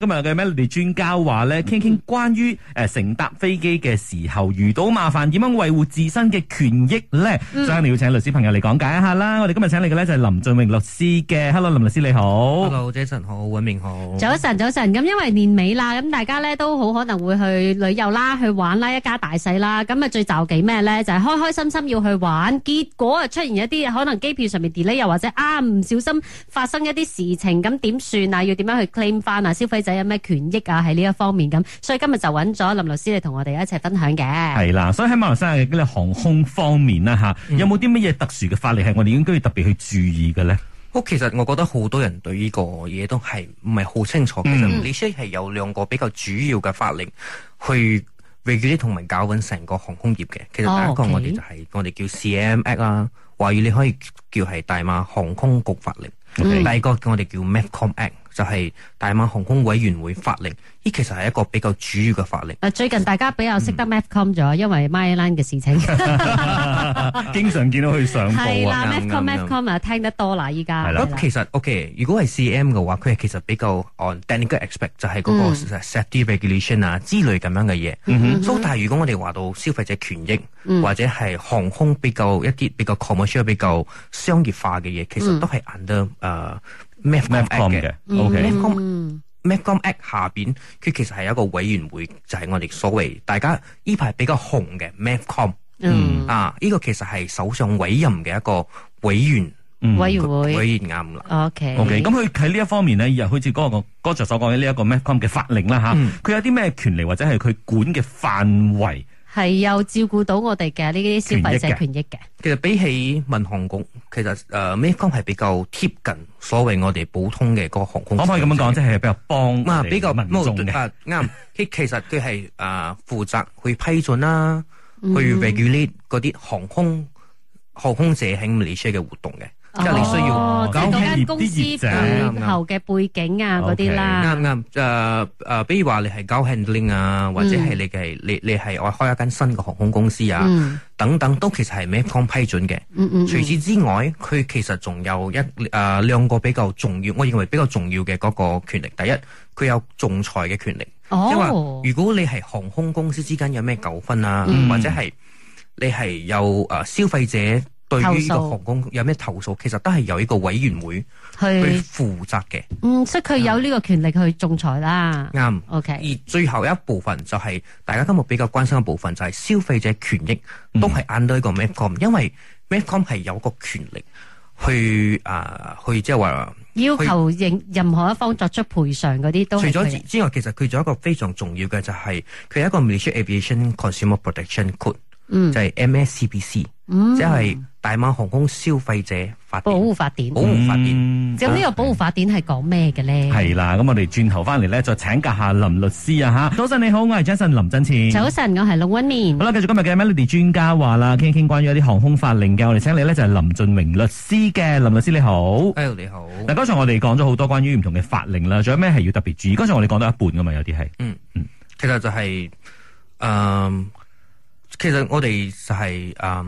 今日嘅 Melody？你哋專家話咧，傾傾關於誒，乘搭飛機嘅時候遇到麻煩，點樣維護自身嘅權益咧？所以我哋要請律師朋友嚟講解一下啦。我哋今日請嚟嘅咧就係林駿榮律師嘅。Hello，林律師你好。Hello，Jason 好，尹明好。早晨，早晨。咁因為年尾啦，咁大家咧都好可能會去旅遊啦，去玩啦，一家大細啦，咁啊最就幾咩咧？就係開開心心要去玩，結果啊出現一啲可能機票上面 delay，又或者啊唔小心發生一啲事情，咁點算啊？要點樣去 claim 翻啊？消費者。有咩權益啊？喺呢一方面咁，所以今日就揾咗林律師嚟同我哋一齊分享嘅。係啦，所以喺馬來西亞嘅航空方面啦，吓、嗯、有冇啲乜嘢特殊嘅法令係我哋應該要特別去注意嘅咧？好，其實我覺得好多人對呢個嘢都係唔係好清楚。嗯、其實，呢啲係有兩個比較主要嘅法令去 regulate 同埋搞穩成個航空業嘅。其實第一個我哋就係、是哦 okay、我哋叫 CAAM Act 啊，華語你可以叫係大馬航空局法令。Okay 第二個叫我哋叫 MAVCOM Act 就係大馬航空委員會法令，呢其實係一個比較主要嘅法令。啊，最近大家比較識得 MacCom 咗，因為 m n y l i n e 嘅事情，經常見到佢上報啊。啦，MacCom m a h c o m 啊，聽得多啦，依家。咁其實 OK，如果係 CM 嘅話，佢係其實比較 o n d e r e x p e c t a 就係嗰個 safety regulation 啊之類咁樣嘅嘢。嗯哼。所以但係如果我哋話到消費者權益，或者係航空比較一啲比較 commercial、比較商業化嘅嘢，其實都係 under 誒。MAVCOM 嘅，MAVCOM MAVCOM Act 下邊，佢其實係一個委員會，就係、是、我哋所謂大家呢排比較紅嘅 MAVCOM。Com, 嗯，啊，呢、這個其實係首相委任嘅一個委員委員會委員啱啦。OK，OK，咁佢喺呢一方面咧，又好似嗰個 George 所講嘅呢一個 MAVCOM 嘅法令啦吓，佢、嗯、有啲咩權利或者係佢管嘅範圍？係有照顧到我哋嘅呢啲消費者權益嘅。其實比起民航局，其實誒咩方係比較貼近所謂我哋普通嘅嗰航空。可唔可以咁樣講，即係比較幫，嘛、啊，比較民眾嘅啱。佢、啊、其實佢係誒負責去批准啦、啊， 去 regulate 嗰啲航空航空社喺 Malaysia 嘅活動嘅。哦、即係你需要、哦，交相 即係間公司業業後嘅背景啊嗰啲啦，啱啱，誒誒、呃呃，比如話你係搞 handling 啊，嗯、或者係你嘅，你你係開一間新嘅航空公司啊，嗯、等等，都其實係咩方批准嘅？嗯嗯、除此之外，佢其實仲有一誒兩、呃、個比較重要，我認為比較重要嘅嗰個權力。第一，佢有仲裁嘅權力，即係話如果你係航空公司之間有咩糾紛啊，嗯、或者係你係有誒、呃、消費者。對於呢個航空有咩投訴，投訴其實都係由一個委員會去負責嘅。嗯，即係佢有呢個權力去仲裁啦。啱對。哦。Okay. 而最後一部分就係、是、大家今日比較關心嘅部分，就係消費者權益都係 under 呢個 MacCom，、嗯、因為 MacCom 係有個權力去啊、呃，去即係話要求任任何一方作出賠償嗰啲都是。除咗之外，其實佢仲有一個非常重要嘅就係佢係一個 Malaysian Aviation Consumer Protection Code，、嗯、就係 MSCBC 即係。大馬航空消費者法保護法典，保護法典，咁呢、嗯、個保護法典係講咩嘅咧？係啦、啊，咁、嗯、我哋轉頭翻嚟咧，再請教下林律師啊吓。早晨，你好，我係 Jason 林振前。早晨，我係陸溫念。好啦，繼續今日嘅 Melody 專家話啦，傾一傾關於一啲航空法令嘅，我哋請你咧就係林駿榮律師嘅，林律師你好。Hello，你好。嗱，剛才我哋講咗好多關於唔同嘅法令啦，仲有咩係要特別注意？剛才我哋講到一半噶嘛，有啲係。嗯嗯、其實就係、是呃，其實我哋就係、是，呃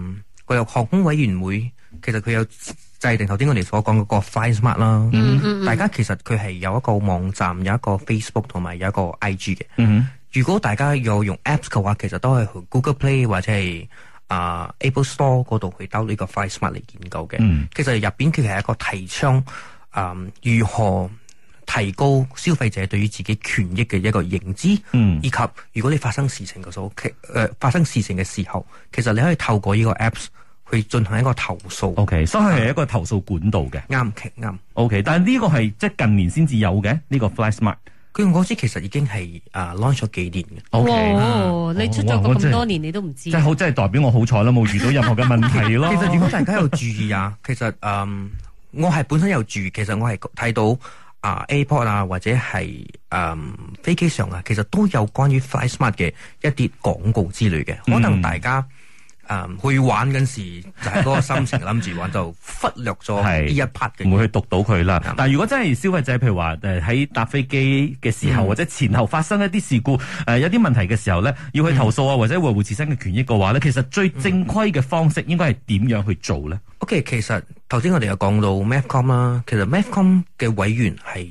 佢有航空委員會，其實佢有制定頭先我哋所講嗰個 Flysmart 啦、mm。Hmm. 大家其實佢係有一個網站，有一個 Facebook 同埋有一個 IG 嘅。Mm hmm. 如果大家有用 Apps 嘅話，其實都係去 Google Play 或者係啊、呃、Apple Store 度去 download 呢個 Flysmart 嚟研究嘅。Mm hmm. 其實入面，佢係一個提倡啊、呃、如何。提高消費者對於自己權益嘅一個認知，嗯，以及如果你發生事情嘅時候誒發生事情嘅時候，其實你可以透過呢個 Apps 去進行一個投訴。O K，所以係一個投訴管道嘅。啱其啱。O K，但係呢個係即係近年先至有嘅呢個 Fly Smart。佢嗰支其實已經係 launch 咗幾年嘅。OK 你出咗咁多年，你都唔知。即係好，即係代表我好彩啦，冇遇到任何嘅問題咯。其實如果大家有注意啊，其實誒，我係本身有注意，其實我係睇到。啊 a p o 啊，a、Pod，或者係誒、嗯、飛機上啊，其實都有關於 FlySmart 嘅一啲廣告之類嘅，嗯、可能大家。誒、嗯，去玩嗰時就係、是、嗰個心情諗住 玩，就忽略咗呢一 part 嘅，唔會去讀到佢啦。吧但係如果真係消費者，譬如話誒喺搭飛機嘅時候，嗯、或者前後發生一啲事故誒、呃、有啲問題嘅時候咧，要去投訴啊，嗯、或者維護自身嘅權益嘅話咧，其實最正規嘅方式應該係點樣去做咧？O K，其實頭先我哋又講到 MAVCOM 啦，其實 MAVCOM 嘅委員係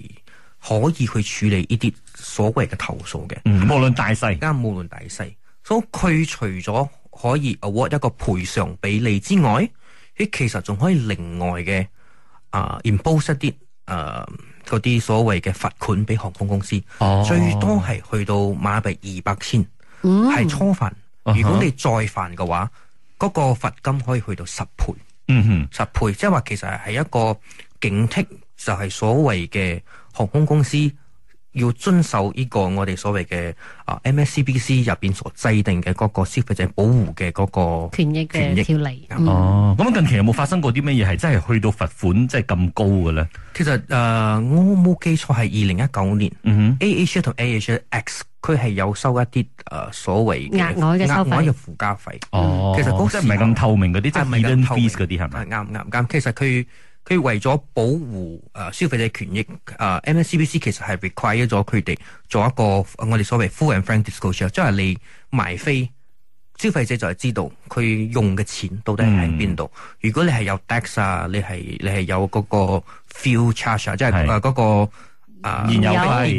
可以去處理呢啲所謂嘅投訴嘅，嗯、無論大細，而家無論大細，所以佢除咗。可以 award 一個賠償比例之外，佢其實仲可以另外嘅啊、呃、impose 一啲誒嗰啲所謂嘅罰款俾航空公司，oh. 最多係去到馬幣二百千，係初犯。如果你再犯嘅話，嗰、uh huh. 個罰金可以去到十倍。嗯哼、mm，hmm. 十倍即係話其實係一個警惕，就係所謂嘅航空公司。要遵守呢個我哋所謂嘅啊 MSCBC 入邊所制定嘅嗰個消費者保護嘅嗰個權益嘅條例。哦，咁、嗯哦、近期有冇發生過啲咩嘢係真係去到罰款即係咁高嘅咧？其實誒，我冇記錯係二零一九年，A H 同 A H X 佢係有收一啲誒所謂額外嘅額外嘅附加費。哦，其實嗰真係唔係咁透明嗰啲，即係 hidden fees 嗰啲係咪？啱啱啱？其實佢。佢為咗保護誒消費者權益，MSCBC 其實係 require 咗佢哋做一個我哋所謂 full and frank disclosure，即係你賣飛，消費者就係知道佢用嘅錢到底喺邊度。嗯、如果你係有 tax、那個、是啊，你係你係有嗰個 fuel charge 啊，即係誒嗰個燃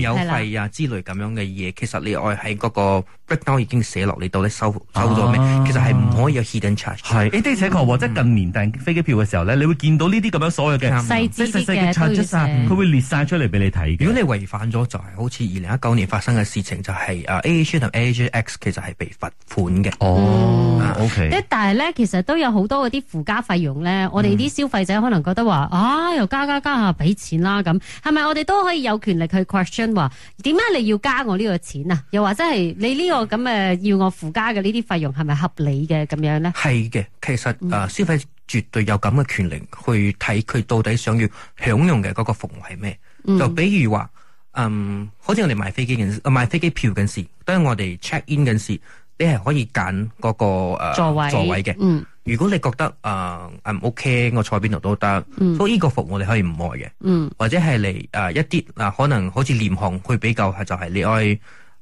油費啊之類咁樣嘅嘢，的其實你愛喺嗰個。Breakdown 已經寫落你到底收收咗咩？啊、其實係唔可以有 hidden charge 的。係 A D 的確喎，即係近年訂、嗯、飛機票嘅時候咧，你會見到呢啲咁樣所有嘅細、嗯、細嘅佢會列晒出嚟俾你睇。如果你違反咗、就係，就係好似二零一九年發生嘅事情、就係，就、AH、係啊 A H 同 A J X 其實係被罰款嘅。哦、啊、OK。但係咧，其實都有好多嗰啲附加費用咧，我哋啲消費者可能覺得話、嗯、啊，又加加加下俾錢啦咁，係咪我哋都可以有權力去 question 話點解你要加我呢個錢啊？又或者係你呢、這個？咁誒、哦、要我附加嘅呢啲費用係咪合理嘅咁樣咧？係嘅，其實、嗯啊、消費絕對有咁嘅權利去睇佢到底想要享用嘅嗰個服務係咩？嗯、就比如話，嗯，好似我哋買飛機嘅買飛機票嘅時，當我哋 check in 嘅時，你係可以揀嗰、那個、啊、座位座位嘅。嗯，如果你覺得誒唔、啊、OK，我坐邊度都得，嗯、所以呢個服務你可以唔愛嘅。嗯，或者係嚟誒一啲嗱、啊，可能好似廉航，去比較就係、是、你愛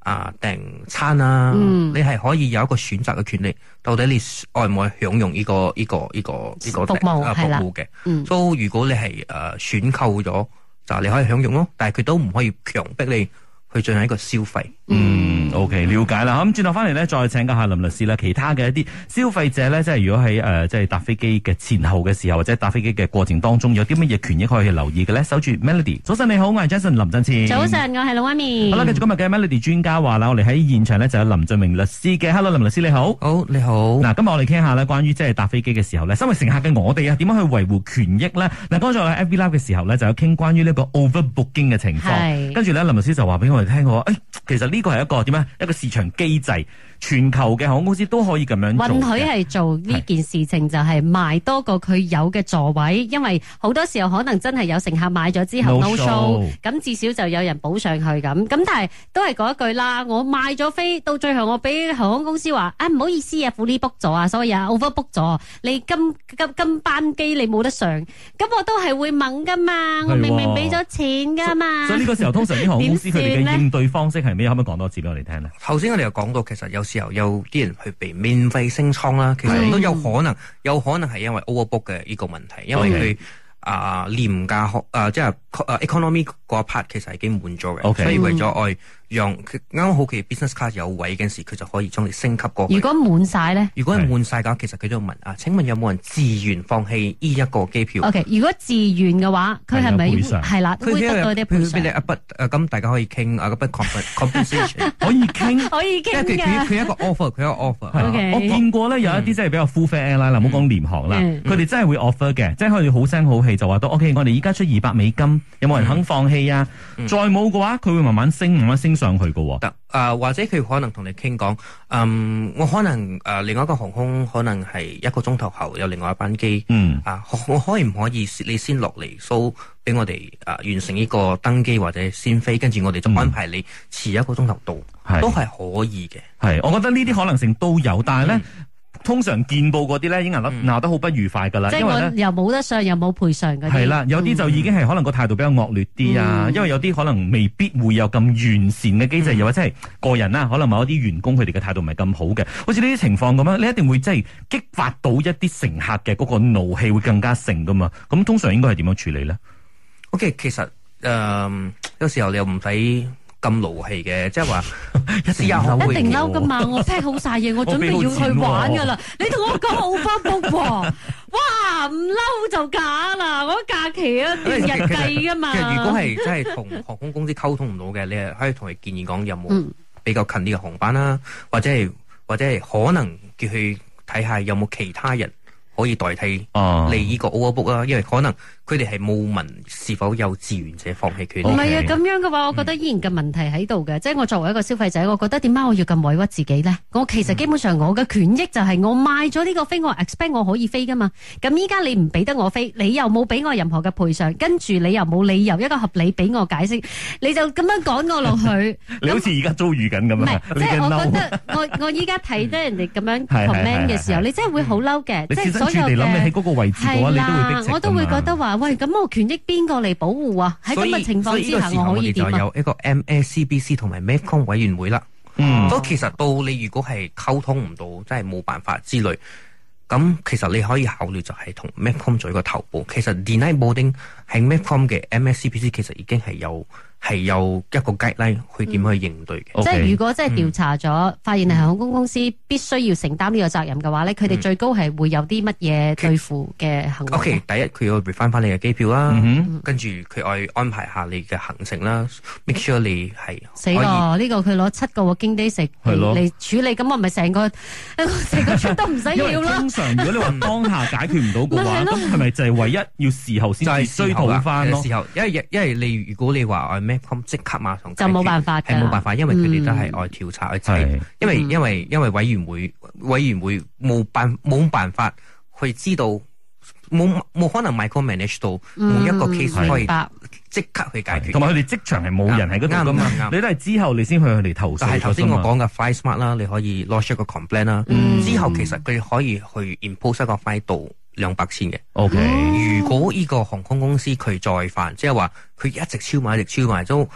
啊訂餐啦、啊，嗯、你係可以有一個選擇嘅權利，到底你愛唔愛享用呢、這個呢、這個呢、這個呢個服務係服務嘅，都、嗯、如果你係誒選購咗就你可以享用咯，但係佢都唔可以強迫你去進行一個消費。嗯。O.K. 瞭解啦，咁轉頭翻嚟咧，再請教下林律師咧，其他嘅一啲消費者咧，即係如果喺誒即係搭飛機嘅前後嘅時候，或者搭飛機嘅過程當中，有啲乜嘢權益去可以留意嘅咧？守住 Melody，早晨你好，我係 Jason 林振志。早晨，我係老媽咪。好啦，繼續今日嘅 Melody 專家話啦，我哋喺現場咧就有林駿榮律師嘅。Hello，林律師你好。好，你好。嗱，今日我哋傾下咧，關於即係搭飛機嘅時候咧，身為乘客嘅我哋啊，點樣去維護權益咧？嗱，剛才我喺 FB Live 嘅時候咧，就有傾關於呢個 OverBooking 嘅情況，跟住咧林律師就話俾我哋聽話，誒，其實呢個係一個點樣？一個市場機制。全球嘅航空公司都可以咁樣做，允許係做呢件事情，就係賣多個佢有嘅座位，因為好多時候可能真係有乘客買咗之後 no show，咁至少就有人補上去咁。咁但係都係嗰一句啦，我買咗飛到最後，我俾航空公司話：啊，唔好意思啊，full book 咗啊，所以啊 over book 咗，你今今今班機你冇得上，咁我都係會掹噶嘛，我明明俾咗錢噶嘛。所以呢個時候通常啲航空公司佢哋嘅應對方式係咩？可唔可以講多一次俾我哋聽咧？頭先我哋又講到其實有。時候有啲人去被免費升艙啦，其實都有可能，有可能係因為 overbook 嘅呢個問題，因為佢啊 Okay.、呃、廉價學啊即、呃、係、就是、economy 嗰 part 其實係已經滿咗嘅，Okay. 所以為咗愛。讓佢啱好佢 business Card 有位嘅時，佢就可以將你升級過。如果滿晒咧，如果係滿晒嘅話，其實佢都要問啊，請問有冇人自願放棄呢一個機票？OK，如果自願嘅話，佢係咪係啦？佢會得到啲咁大家可以傾啊，可以傾，可以傾。佢一個 offer，佢一個 offer。我見過咧有一啲真係比較 full fare airline 啦，唔好講廉航啦，佢哋真係會 offer 嘅，即係可以好聲好氣就話到，OK，我哋依家出二百美金，有冇人肯放棄啊？再冇嘅話，佢會慢慢升，慢慢升。上去嘅、哦，得啊，或者佢可能同你傾講，嗯，我可能誒、啊，另外一個航空可能係一個鐘頭後有另外一班機，嗯啊，我，我可唔可以你先落嚟 show 俾我哋啊，完成呢個登機或者先飛，跟住我哋就安排你遲一個鐘頭到，嗯、都係可以嘅，係，我覺得呢啲可能性都有，嗯、但係咧。嗯通常見報嗰啲咧已經鬧得鬧得好不愉快噶啦，嗯、因為即係我又冇得上又冇賠償，又冇賠償嘅。係啦，有啲就已經係可能個態度比較惡劣啲啊，嗯、因為有啲可能未必會有咁完善嘅機制，又、嗯、或者係個人啦，可能某一啲員工佢哋嘅態度唔係咁好嘅，好似呢啲情況咁樣，你一定會即係激發到一啲乘客嘅嗰個怒氣會更加盛噶嘛。咁通常應該係點樣處理咧？OK，其實誒、呃、有時候你又唔使。咁勞氣嘅，即係話一一定嬲噶嘛！ 我 pack 好晒嘢，我準備要去玩噶啦。 啊、你同我講好翻 book 哇！唔嬲就假啦，我假期啊，日計噶嘛。如果係真係同航空公司溝通唔到嘅，你係可以同佢建議講，有冇比較近啲嘅航班啦，啊、嗯，或者係或者係可能叫佢睇下有冇其他人可以代替嚟呢個 overbook 啊，因為可能佢哋係冇問是否有志願者放棄權。唔係啊，咁樣嘅話，我覺得依然嘅問題喺度嘅。即係我作為一個消費者，我覺得點解我要咁委屈自己咧？我其實基本上我嘅權益就係我買咗呢個飛，我 expect 我可以飛噶嘛。咁依家你唔俾得我飛，你又冇俾我任何嘅賠償，跟住你又冇理由一個合理俾我解釋，你就咁樣趕我落去。你好似而家遭遇緊咁樣啊！即係我覺得我我依家睇得人哋咁樣 comment 嘅時候，你真係會好嬲嘅。住嚟諗，你喺嗰個位置嘅話，的你都會逼㗎嘛。我都會覺得話，喂，咁我權益邊個嚟保護啊？喺咁嘅情況之下，我可以點？我就有一個 MACPC 同埋 MAVCOM 委員會啦。嗯。其實到你如果係溝通唔到，即係冇辦法之類，咁其實你可以考慮就係同 MAVCOM 做一個投報。其實 Denied boarding 係 MAVCOM 嘅 MACPC 其實已經係有。係有一個 guideline，佢點去應對嘅？即係如果即係調查咗，發現係航空公司必須要承擔呢個責任嘅話咧，佢哋最高係會有啲乜嘢對付嘅行為？OK，第一佢要 refund 翻你嘅機票啦，跟住佢愛安排下你嘅行程啦，make sure 你係死咯，呢個佢攞七個 working day 食嚟處理，咁我咪成個成個村都唔使要咯。因為通常如果你話當下解決唔到嘅話，咁係咪就係唯一要事後先去追討翻咯？事後，因為因為你如果你話咁即刻馬上就冇辦法嘅，係冇辦法，因為佢哋都係外調查去查，嗯、因為、嗯、因為因為委員會委員會冇辦冇辦法去知道，冇冇可能 micromanage 到每一個 case、嗯、可以即刻去解決，同埋佢哋即場係冇人喺嗰邊噶嘛，你都係之後你先向佢哋投訴。就係頭先我講嘅 five smart 啦，你可以 launch 一個 complaint 啦，嗯，之後其實佢可以去 impose 一個 file 度。兩百千嘅，200, Okay. 如果呢個航空公司佢再犯，即係話佢一直超賣，一直超賣，都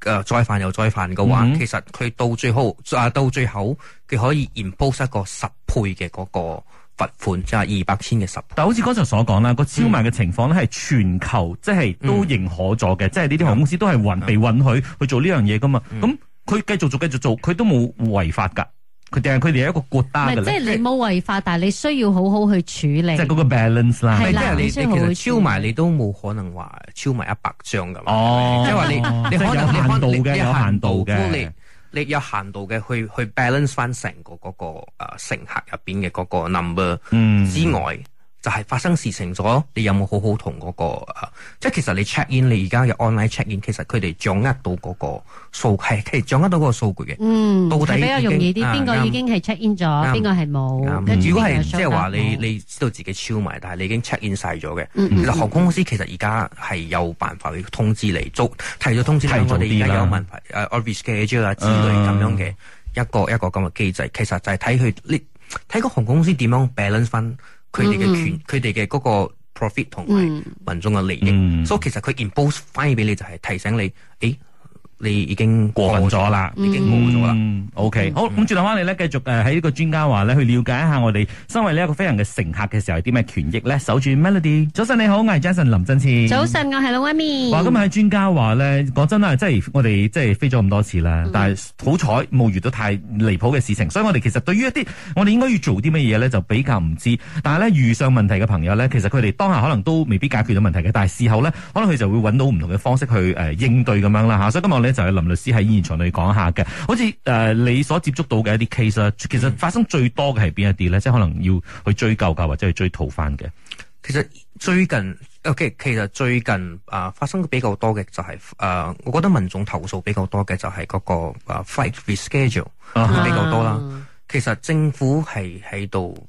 誒再犯又再犯嘅話，嗯、哼其實佢到最後啊到最後，佢、啊、可以 impose 一個十倍嘅嗰個罰款，即係二百千嘅十倍。但係好似剛才所講啦，個超賣嘅情況咧係全球，嗯、即係都認可咗嘅，嗯、即係呢啲航空公司都係運被允許去做呢樣嘢噶嘛。咁佢、嗯、繼續做，繼續做，佢都冇違法噶。佢定佢哋係一個過單嘅，即係你冇違法，但係你需要好好去處理。即係嗰個 balance 啦，即係你你超埋你都冇可能話超埋一百張噶嘛。哦，因為你你可能你可能你有限度嘅，你有限度嘅去去 balance 返成個嗰個乘客入邊嘅嗰個 number 之外。就係發生事情咗，你有冇好好同嗰個？即係其實你 check in，你而家嘅 online check in，其實佢哋掌握到嗰個數係，佢哋掌握到嗰個數據嘅。到底比較容易啲，邊個已經係 check in 咗，邊個係冇？如果係即係話你，你知道自己超埋，但係你已經 check in 晒咗嘅嗱，航空公司其實而家係有辦法去通知你，做提咗通知咧。我哋而家有問題，obvious schedule 啊之類咁樣嘅一個一個咁嘅機制，其實就係睇佢你睇個航空公司點樣 balance 分。佢哋嘅權，佢哋嘅嗰個 profit 同埋民眾嘅利益，mm hmm. 所以其實佢 impose 翻譯俾你就係、是、提醒你，誒、哎。你已經過分咗啦，已經冇咗啦。嗯、OK，好，咁轉頭翻嚟咧，嗯、繼續誒喺呢個專家話咧，去了解一下我哋身為呢一個飛行嘅乘客嘅時候，有啲咩權益咧？守住 Melody，早晨你好，我係 Jason，林振千。早晨，我係老 Amy 哇，今日喺專家話咧，講真啦，即係我哋即係飛咗咁多次啦，嗯、但係好彩冇遇到太離譜嘅事情，所以我哋其實對於一啲我哋應該要做啲乜嘢咧，就比較唔知。但係咧遇上問題嘅朋友咧，其實佢哋當下可能都未必解決到問題嘅，但係事後咧，可能佢就會揾到唔同嘅方式去誒應對咁樣啦吓。所以今日你。就係林律師喺現場同你講下嘅，好似誒、呃、你所接觸到嘅一啲 case 咧，其實發生最多嘅係邊一啲咧？嗯、即係可能要去追究噶，或者去追逃犯追討返嘅。其實最近，其、okay，其實最近誒、呃、發生比較多嘅就係、是、誒、呃，我覺得民眾投訴比較多嘅就係嗰、那個誒、呃、flight reschedule、uh huh. 比較多啦。其實政府係喺度。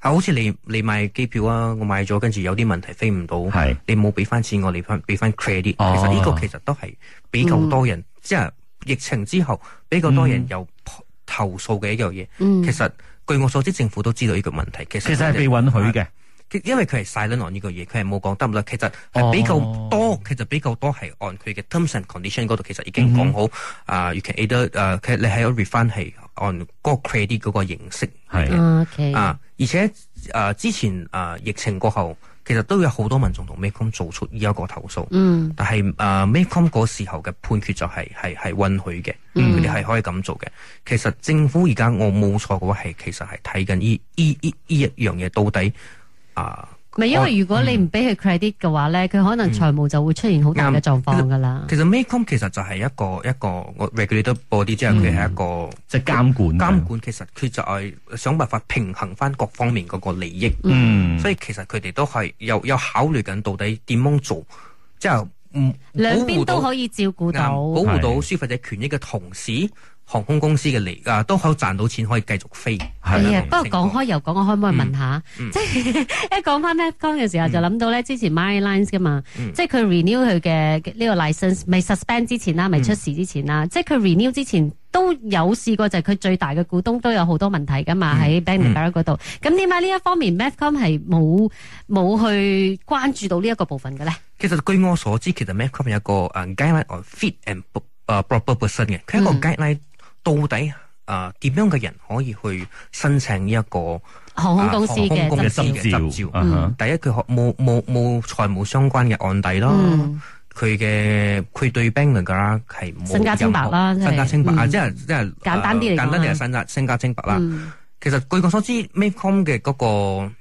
啊！好似你你買機票啊，我買咗，跟住有啲問題飛唔到是，你冇俾翻錢我畀翻俾翻 credit。哦、其實呢個其實都係比較多人、嗯、即係疫情之後比較多人有投訴嘅一樣嘢。嗯、其實據我所知，政府都知道呢個問題，其實係、就係、被允許嘅。因為佢係 silent on 呢個嘢，佢係冇講得唔得。其實係比較多，oh. 其實比較多係按佢嘅 terms and condition 嗰度，其實已經講好啊。A 其實你係有 refund 係按個 credit 嗰個形式係啊，而且誒、uh, 之前誒、uh, 疫情過後，其實都有好多民眾同 makecom 做出呢一個投訴，嗯、mm，hmm. 但係誒、uh, makecom 嗰時候嘅判決就係係係允許嘅，嗯、mm，佢哋、hmm. 係可以咁做嘅。其實政府而家我冇錯嘅話，係其實係睇緊呢呢一樣嘢到底。咪、啊、因為如果你唔俾佢 credit 嘅話咧，佢、嗯、可能財務就會出現好大嘅狀況噶啦。其實 MAVCOM 其實就係一個一個我 regulate 啲，即係佢係一個即係監管。監管其實佢就係想辦法平衡翻各方面嗰個利益。嗯，嗯所以其實佢哋都係有有考慮緊到底點樣做，即係嗯兩邊都可以照顧到，嗯、保護到消費者權益嘅同時，航空公司嘅利益啊，都可以賺到錢，可以繼續飛。係不過講開又講，我可唔可以問下？即係一講翻 Medcom 嘅時候，就諗到咧，之前 My Airlines 噶嘛，即係佢 renew 佢嘅呢個 license 未 suspend 之前啦，未出事之前啦，即係佢 renew 之前都有試過，就係佢最大嘅股東都有好多問題㗎嘛，喺 Bangkok 嗰度。咁點解呢一方面 Medcom 係冇冇去關注到呢一個部分嘅咧？其實據我所知，其實 Medcom 有個個 guideline on fit and proper person 嘅，佢一個 guideline。到底啊，點、呃、樣嘅人可以去申請呢一個航空公司嘅、啊、公司嘅執照？嗯、第一佢冇冇冇財務相關嘅案底咯。佢嘅佢對 bang 嚟啦係冇。身家清白啦，身家清白啊，即係即係簡單啲簡單啲係身家身家清白啦。其實據我所知，Mavcom 嘅嗰個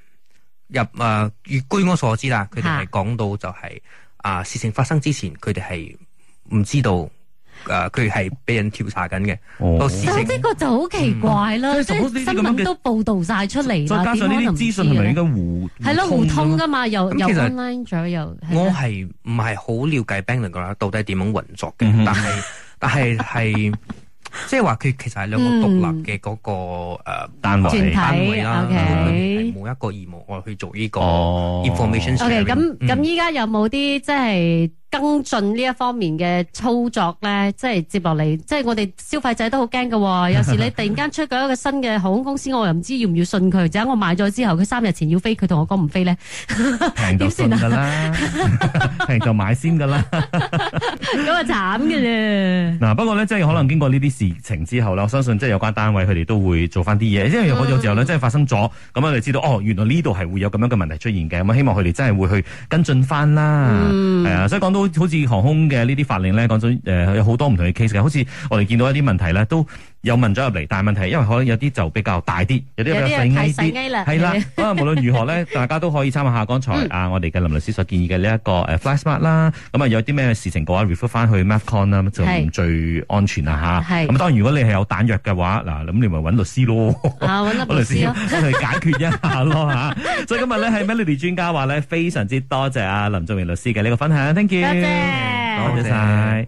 入啊，如、呃、據我所知啦，佢哋係講到就係、是、啊，啊，事情發生之前，佢哋係唔知道。誒，佢係俾人調查緊嘅，但係呢個就好奇怪啦。即係新聞都報道晒出嚟，再加上呢啲資訊係咪應該互係咯互通噶嘛？又 online 咗又。我係唔係好了解 Band 嚟噶到底點樣運作嘅？但係但係係即係話佢其實係兩個獨立嘅嗰個誒單位單位啦。佢係冇一個義務我去做呢個 information。OK，咁咁依家有冇啲即係？跟進呢一方面嘅操作咧，即係接落嚟，即係我哋消費者都好驚喎。有時你突然間出咗一個新嘅航空公司，我又唔知要唔要信佢。就係我買咗之後，佢三日前要飛，佢同我講唔飛咧，平就先噶啦，平 就買先噶啦，咁 啊慘嘅啦。嗱，不過咧，即係可能經過呢啲事情之後呢，我相信即係有關單位佢哋都會做翻啲嘢，因為有時候呢，真係發生咗咁啊，佢哋、嗯、知道哦，原來呢度係會有咁樣嘅問題出現嘅，咁希望佢哋真係會去跟進翻啦。係啊、嗯，所以講到。都好似航空嘅呢啲法令咧，講咗誒有好多唔同嘅 case 嘅，好似我哋見到一啲問題咧都。又問咗入嚟，但問題，因為可能有啲就比較大啲，有啲比較細啲啲。係啦，咁啊，無論如何咧，大家都可以參考下剛才啊，我哋嘅林律師所建議嘅呢一個誒 Flashcard 啦。咁啊，有啲咩事情嘅話，refer 翻去 Maccon 啦，就最安全啦吓。咁當然如果你係有彈藥嘅話，嗱，咁你咪搵律師咯。啊，律師我去解決一下咯吓。所以今日咧係 Melody 專家話咧，非常之多謝啊林駿榮律師嘅呢個分享。Thank you，多謝，多謝晒。